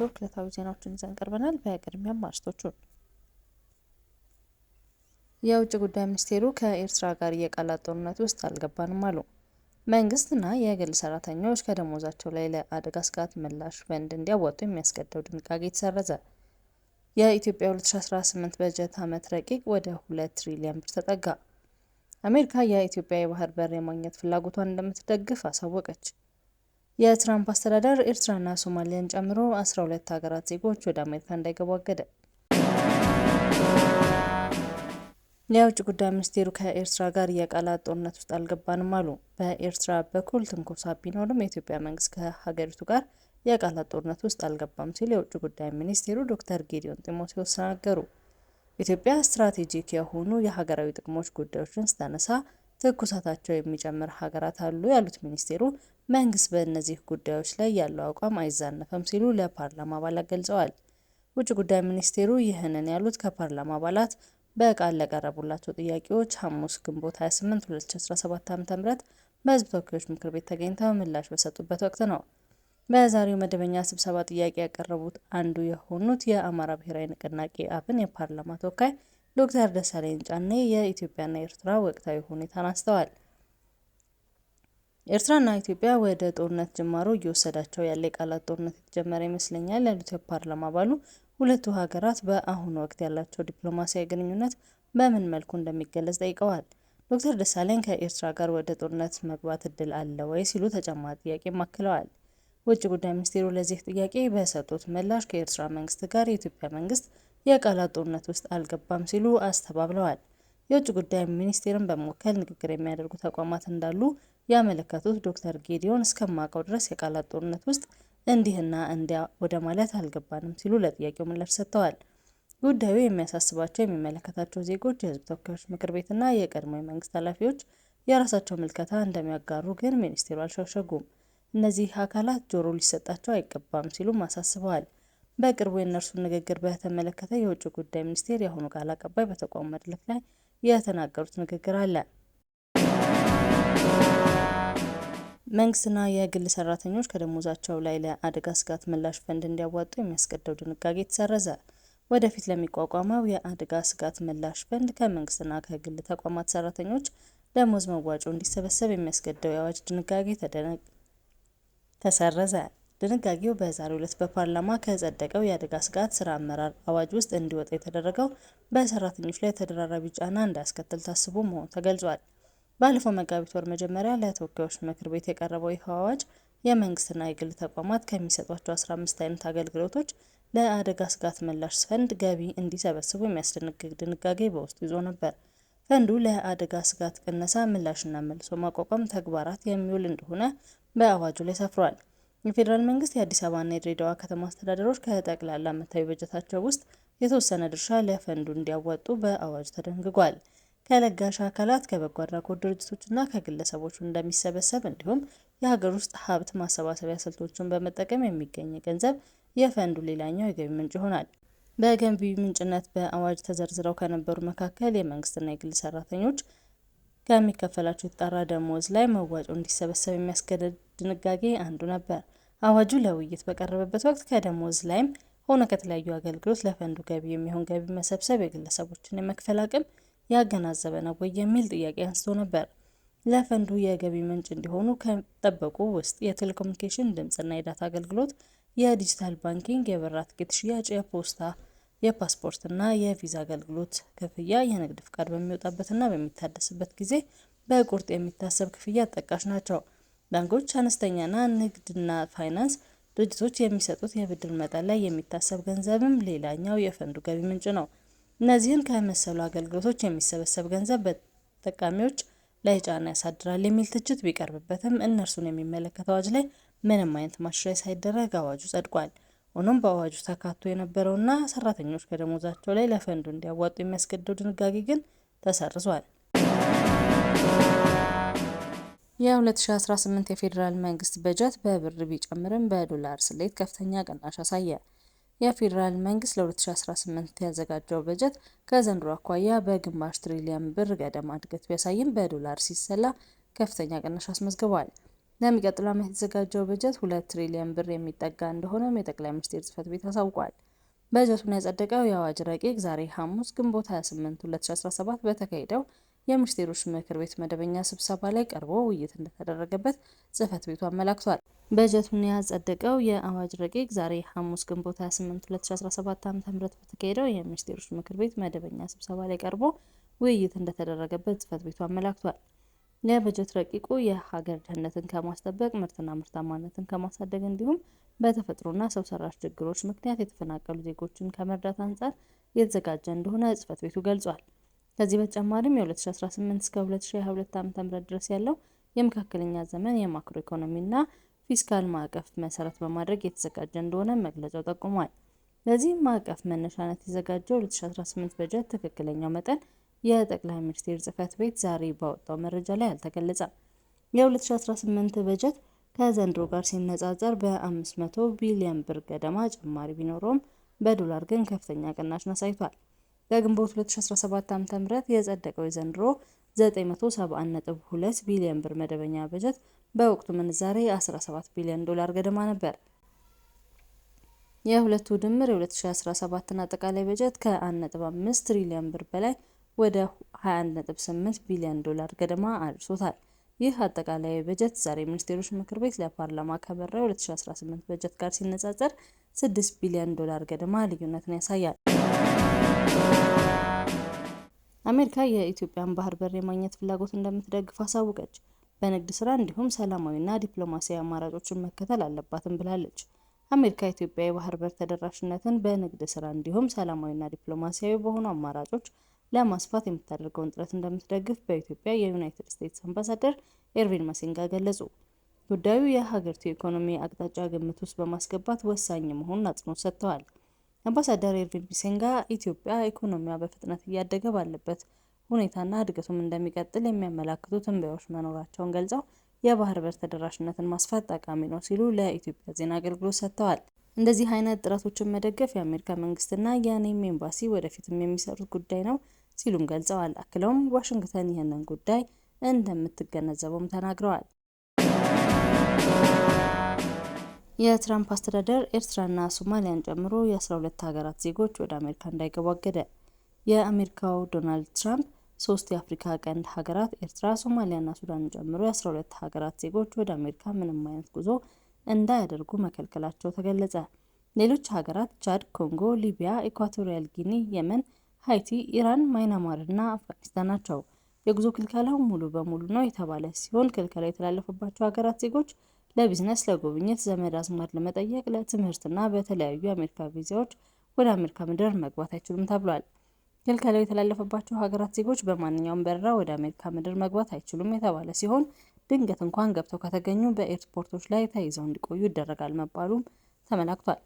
ኔትወርክ ዕለታዊ ዜናዎችን ይዘን ቀርበናል። በቅድሚያም አርዕስቶቹን የውጭ ጉዳይ ሚኒስቴሩ ከኤርትራ ጋር የቃላት ጦርነት ውስጥ አልገባንም አሉ። መንግስትና የግል ሰራተኞች ከደሞዛቸው ላይ ለአደጋ ስጋት ምላሽ ፈንድ እንዲያወጡ የሚያስገድደው ድንጋጌ ተሰረዘ። የኢትዮጵያ 2018 በጀት ዓመት ረቂቅ ወደ 2 ትሪሊዮን ብር ተጠጋ። አሜሪካ የኢትዮጵያ የባህር በር የማግኘት ፍላጎቷን እንደምትደግፍ አሳወቀች። የትራምፕ አስተዳደር ኤርትራና ሶማሊያን ጨምሮ 12 ሀገራት ዜጎች ወደ አሜሪካ እንዳይገቡ አገደ። የውጭ ጉዳይ ሚኒስቴሩ ከኤርትራ ጋር የቃላት ጦርነት ውስጥ አልገባንም አሉ። በኤርትራ በኩል ትንኮሳ ቢኖርም የኢትዮጵያ መንግስት ከሀገሪቱ ጋር የቃላት ጦርነት ውስጥ አልገባም ሲል የውጭ ጉዳይ ሚኒስቴሩ ዶክተር ጌዲዮን ጢሞቴዎስ ተናገሩ። ኢትዮጵያ ስትራቴጂክ የሆኑ የሀገራዊ ጥቅሞች ጉዳዮችን ስታነሳ ትኩሳታቸው የሚጨምር ሀገራት አሉ ያሉት ሚኒስቴሩ መንግስት በእነዚህ ጉዳዮች ላይ ያለው አቋም አይዛነፍም ሲሉ ለፓርላማ አባላት ገልጸዋል። ውጭ ጉዳይ ሚኒስቴሩ ይህንን ያሉት ከፓርላማ አባላት በቃል ለቀረቡላቸው ጥያቄዎች ሐሙስ ግንቦት 28 2017 ዓ.ም በህዝብ ተወካዮች ምክር ቤት ተገኝተው ምላሽ በሰጡበት ወቅት ነው። በዛሬው መደበኛ ስብሰባ ጥያቄ ያቀረቡት አንዱ የሆኑት የአማራ ብሔራዊ ንቅናቄ አብን የፓርላማ ተወካይ ዶክተር ደሳለኝ ጫኔ የኢትዮጵያና የኤርትራ ወቅታዊ ሁኔታን አንስተዋል። ኤርትራና ኢትዮጵያ ወደ ጦርነት ጅማሮ እየወሰዳቸው ያለ የቃላት ጦርነት የተጀመረ ይመስለኛል ያሉት የፓርላማ አባሉ ሁለቱ ሀገራት በአሁኑ ወቅት ያላቸው ዲፕሎማሲያዊ ግንኙነት በምን መልኩ እንደሚገለጽ ጠይቀዋል። ዶክተር ደሳለኝ ከኤርትራ ጋር ወደ ጦርነት መግባት እድል አለ ወይ ሲሉ ተጨማሪ ጥያቄም አክለዋል። ውጭ ጉዳይ ሚኒስቴሩ ለዚህ ጥያቄ በሰጡት ምላሽ ከኤርትራ መንግስት ጋር የኢትዮጵያ መንግስት የቃላት ጦርነት ውስጥ አልገባም ሲሉ አስተባብለዋል። የውጭ ጉዳይ ሚኒስቴርን በመወከል ንግግር የሚያደርጉ ተቋማት እንዳሉ ያመለከቱት ዶክተር ጌዲዮን እስከማውቀው ድረስ የቃላት ጦርነት ውስጥ እንዲህና እንዲያ ወደ ማለት አልገባንም ሲሉ ለጥያቄው ምላሽ ሰጥተዋል። ጉዳዩ የሚያሳስባቸው የሚመለከታቸው ዜጎች፣ የህዝብ ተወካዮች ምክር ቤትና የቀድሞ የመንግስት ኃላፊዎች የራሳቸው ምልከታ እንደሚያጋሩ ግን ሚኒስቴሩ አልሸሸጉም። እነዚህ አካላት ጆሮ ሊሰጣቸው አይገባም ሲሉም አሳስበዋል። በቅርቡ የእነርሱን ንግግር በተመለከተ የውጭ ጉዳይ ሚኒስቴር የአሁኑ ቃል አቀባይ በተቋሙ መድረክ ላይ የተናገሩት ንግግር አለ። መንግስትና የግል ሰራተኞች ከደሞዛቸው ላይ ለአደጋ ስጋት ምላሽ ፈንድ እንዲያዋጡ የሚያስገድደው ድንጋጌ ተሰረዘ። ወደፊት ለሚቋቋመው የአደጋ ስጋት ምላሽ ፈንድ ከመንግስትና ከግል ተቋማት ሰራተኞች ደሞዝ መዋጮ እንዲሰበሰብ የሚያስገድደው የአዋጅ ድንጋጌ ተሰረዘ። ድንጋጌው በዛሬው ዕለት በፓርላማ ከጸደቀው የአደጋ ስጋት ስራ አመራር አዋጅ ውስጥ እንዲወጣ የተደረገው በሰራተኞች ላይ ተደራራቢ ጫና እንዳያስከትል ታስቦ መሆኑ ተገልጿል። ባለፈው መጋቢት ወር መጀመሪያ ለተወካዮች ምክር ቤት የቀረበው ይኸው አዋጅ የመንግስትና የግል ተቋማት ከሚሰጧቸው 15 አይነት አገልግሎቶች ለአደጋ ስጋት ምላሽ ፈንድ ገቢ እንዲሰበስቡ የሚያስደነግግ ድንጋጌ በውስጡ ይዞ ነበር። ፈንዱ ለአደጋ ስጋት ቅነሳ፣ ምላሽና መልሶ ማቋቋም ተግባራት የሚውል እንደሆነ በአዋጁ ላይ ሰፍሯል። የፌዴራል መንግስት የአዲስ አበባና የድሬዳዋ ከተማ አስተዳደሮች ከጠቅላላ ዓመታዊ በጀታቸው ውስጥ የተወሰነ ድርሻ ለፈንዱ እንዲያዋጡ በአዋጁ ተደንግጓል። ከለጋሽ አካላት ከበጎ አድራጎት ድርጅቶችና ከግለሰቦች እንደሚሰበሰብ እንዲሁም የሀገር ውስጥ ሀብት ማሰባሰቢያ ስልቶችን በመጠቀም የሚገኝ ገንዘብ የፈንዱ ሌላኛው የገቢ ምንጭ ይሆናል። በገንቢ ምንጭነት በአዋጅ ተዘርዝረው ከነበሩ መካከል የመንግስትና የግል ሰራተኞች ከሚከፈላቸው የተጣራ ደሞዝ ላይ መዋጮ እንዲሰበሰብ የሚያስገድድ ድንጋጌ አንዱ ነበር። አዋጁ ለውይይት በቀረበበት ወቅት ከደሞዝ ላይም ሆነ ከተለያዩ አገልግሎት ለፈንዱ ገቢ የሚሆን ገቢ መሰብሰብ የግለሰቦችን የመክፈል አቅም ያገናዘበ ነው ወይ የሚል ጥያቄ አንስቶ ነበር። ለፈንዱ የገቢ ምንጭ እንዲሆኑ ከጠበቁ ውስጥ የቴሌኮሙኒኬሽን ድምፅና የዳታ አገልግሎት፣ የዲጂታል ባንኪንግ፣ የበራ ትኬት ሽያጭ፣ የፖስታ የፓስፖርትና የቪዛ አገልግሎት ክፍያ የንግድ ፍቃድ በሚወጣበትና በሚታደስበት ጊዜ በቁርጥ የሚታሰብ ክፍያ ተጠቃሽ ናቸው። ባንኮች፣ አነስተኛና ንግድና ፋይናንስ ድርጅቶች የሚሰጡት የብድር መጠን ላይ የሚታሰብ ገንዘብም ሌላኛው የፈንዱ ገቢ ምንጭ ነው። እነዚህን ከመሰሉ አገልግሎቶች የሚሰበሰብ ገንዘብ በተጠቃሚዎች ላይ ጫና ያሳድራል የሚል ትችት ቢቀርብበትም እነርሱን የሚመለከት አዋጅ ላይ ምንም አይነት ማሻሻያ ሳይደረግ አዋጁ ጸድቋል። ሆኖም በአዋጁ ተካቶ የነበረውና ሰራተኞች ከደሞዛቸው ላይ ለፈንዱ እንዲያዋጡ የሚያስገድደው ድንጋጌ ግን ተሰርዟል። የ2018 የፌዴራል መንግስት በጀት በብር ቢጨምርም በዶላር ስሌት ከፍተኛ ቅናሽ አሳየ። የፌዴራል መንግስት ለ2018 ያዘጋጀው በጀት ከዘንድሮ አኳያ በግማሽ ትሪሊየን ብር ገደማ እድገት ቢያሳይም በዶላር ሲሰላ ከፍተኛ ቅናሽ አስመዝግቧል። ለሚቀጥለው ዓመት የተዘጋጀው በጀት ሁለት ትሪሊየን ብር የሚጠጋ እንደሆነም የጠቅላይ ሚኒስትር ጽህፈት ቤት አሳውቋል። በጀቱን ያጸደቀው የአዋጅ ረቂቅ ዛሬ ሐሙስ ግንቦት 28 2017 በተካሄደው የሚኒስቴሮች ምክር ቤት መደበኛ ስብሰባ ላይ ቀርቦ ውይይት እንደተደረገበት ጽህፈት ቤቱ አመላክቷል። በጀቱን ያጸደቀው የአዋጅ ረቂቅ ዛሬ ሐሙስ ግንቦት 28 2017 ዓ ም በተካሄደው የሚኒስቴሮች ምክር ቤት መደበኛ ስብሰባ ላይ ቀርቦ ውይይት እንደተደረገበት ጽህፈት ቤቱ አመላክቷል። የበጀት ረቂቁ የሀገር ደህንነትን ከማስጠበቅ ምርትና ምርታማነትን ከማሳደግ እንዲሁም በተፈጥሮና ሰው ሰራሽ ችግሮች ምክንያት የተፈናቀሉ ዜጎችን ከመርዳት አንጻር የተዘጋጀ እንደሆነ ጽህፈት ቤቱ ገልጿል። ከዚህ በተጨማሪም የ2018 እስከ 2022 ዓ.ም ድረስ ያለው የመካከለኛ ዘመን የማክሮ ኢኮኖሚና ፊስካል ማዕቀፍ መሰረት በማድረግ የተዘጋጀ እንደሆነ መግለጫው ጠቁሟል። ለዚህ ማዕቀፍ መነሻነት የተዘጋጀው 2018 በጀት ትክክለኛው መጠን የጠቅላይ ሚኒስትር ጽህፈት ቤት ዛሬ ባወጣው መረጃ ላይ አልተገለጸም። የ2018 በጀት ከዘንድሮ ጋር ሲነጻጸር በ500 ቢሊዮን ብር ገደማ ጭማሪ ቢኖረውም በዶላር ግን ከፍተኛ ቅናሽን አሳይቷል። በግንቦት 2017 ዓ.ም የጸደቀው የዘንድሮ 971.2 ቢሊዮን ብር መደበኛ በጀት በወቅቱ ምንዛሬ 17 ቢሊዮን ዶላር ገደማ ነበር። የሁለቱ ድምር የ2017ን አጠቃላይ በጀት ከ1.5 ትሪሊዮን ብር በላይ ወደ 21.8 ቢሊዮን ዶላር ገደማ አድርሶታል። ይህ አጠቃላይ በጀት ዛሬ ሚኒስቴሮች ምክር ቤት ለፓርላማ ከበረ 2018 በጀት ጋር ሲነጻጸር 6 ቢሊዮን ዶላር ገደማ ልዩነትን ያሳያል። አሜሪካ የኢትዮጵያን ባህር በር የማግኘት ፍላጎት እንደምትደግፍ አሳወቀች። በንግድ ስራ እንዲሁም ሰላማዊና ዲፕሎማሲያዊ አማራጮችን መከተል አለባትም ብላለች። አሜሪካ ኢትዮጵያ የባህር በር ተደራሽነትን በንግድ ስራ እንዲሁም ሰላማዊና ዲፕሎማሲያዊ በሆኑ አማራጮች ለማስፋት የምታደርገውን ጥረት እንደምትደግፍ በኢትዮጵያ የዩናይትድ ስቴትስ አምባሳደር ኤርቪን መሲንጋ ገለጹ። ጉዳዩ የሀገሪቱ ኢኮኖሚ አቅጣጫ ግምት ውስጥ በማስገባት ወሳኝ መሆኑን አጽንኦት ሰጥተዋል። አምባሳደር ኤርቪን ቢሴንጋ ኢትዮጵያ ኢኮኖሚዋ በፍጥነት እያደገ ባለበት ሁኔታና እድገቱም እንደሚቀጥል የሚያመላክቱ ትንበያዎች መኖራቸውን ገልጸው የባህር በር ተደራሽነትን ማስፋት ጠቃሚ ነው ሲሉ ለኢትዮጵያ ዜና አገልግሎት ሰጥተዋል። እንደዚህ አይነት ጥረቶችን መደገፍ የአሜሪካ መንግስትና የኔም ኤምባሲ ወደፊትም የሚሰሩት ጉዳይ ነው ሲሉም ገልጸዋል። አክለውም ዋሽንግተን ይህንን ጉዳይ እንደምትገነዘበውም ተናግረዋል። የትራምፕ አስተዳደር ኤርትራና ሶማሊያን ጨምሮ የ12 ሀገራት ዜጎች ወደ አሜሪካ እንዳይገቡ አገደ። የአሜሪካው ዶናልድ ትራምፕ ሶስት የአፍሪካ ቀንድ ሀገራት ኤርትራ፣ ሶማሊያና ሱዳንን ጨምሮ የ12 ሀገራት ዜጎች ወደ አሜሪካ ምንም አይነት ጉዞ እንዳያደርጉ መከልከላቸው ተገለጸ። ሌሎች ሀገራት ቻድ፣ ኮንጎ፣ ሊቢያ፣ ኢኳቶሪያል ጊኒ፣ የመን፣ ሀይቲ፣ ኢራን፣ ማይናማርና አፍጋኒስታን ናቸው። የጉዞ ክልከላው ሙሉ በሙሉ ነው የተባለ ሲሆን ክልከላው የተላለፈባቸው ሀገራት ዜጎች ለቢዝነስ፣ ለጉብኝት፣ ዘመድ አዝማድ ለመጠየቅ፣ ለትምህርትና በተለያዩ የአሜሪካ ቪዛዎች ወደ አሜሪካ ምድር መግባት አይችሉም ተብሏል። ክልከላው የተላለፈባቸው ሀገራት ዜጎች በማንኛውም በረራ ወደ አሜሪካ ምድር መግባት አይችሉም የተባለ ሲሆን ድንገት እንኳን ገብተው ከተገኙ በኤርፖርቶች ላይ ተይዘው እንዲቆዩ ይደረጋል መባሉም ተመላክቷል።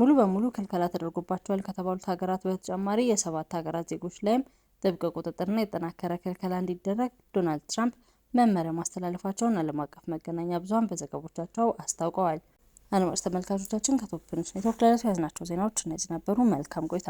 ሙሉ በሙሉ ክልከላ ተደርጎባቸዋል ከተባሉት ሀገራት በተጨማሪ የሰባት ሀገራት ዜጎች ላይም ጥብቅ ቁጥጥርና የጠናከረ ክልከላ እንዲደረግ ዶናልድ ትራምፕ መመሪያ ማስተላለፋቸውን ዓለም አቀፍ መገናኛ ብዙኃን በዘገቦቻቸው አስታውቀዋል። አድማጭ ተመልካቾቻችን ከቶፕ ኔትወርክ ለዕለቱ ያዝናቸው ዜናዎች እነዚህ ነበሩ። መልካም ቆይታ